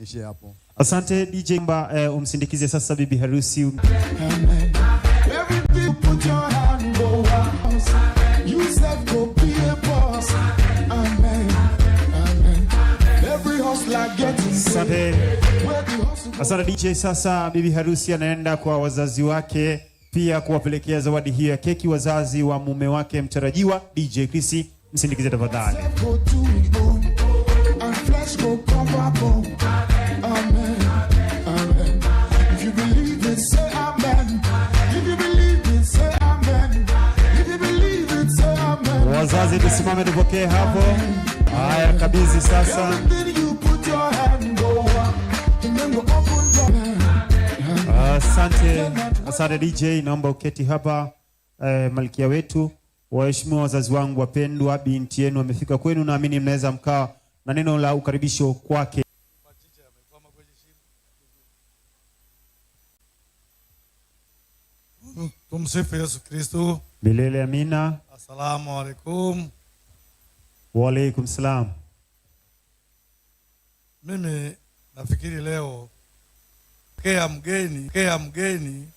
Niishie hapo. Asante DJ Mba, eh, umsindikize sasa bibi harusi. Asante. Asante DJ, sasa bibi harusi anaenda kwa wazazi wake pia kuwapelekea zawadi hiyo ya keki wazazi wa mume wake mtarajiwa. DJ Chris, msindikize tafadhali. Wazazi tusimame tupokee hapo. Haya, kabidhi sasa. Asante, asante DJ, naomba uketi hapa eh, malkia wetu. Waheshimiwa wazazi wangu wapendwa, binti yenu amefika kwenu, naamini mnaweza mkaa na neno la ukaribisho kwake. Tumsifu Yesu Kristo milele, amina. Assalamu alaikum. Wa alaikum salam. Mimi nafikiri leo kea mgeni, kea mgeni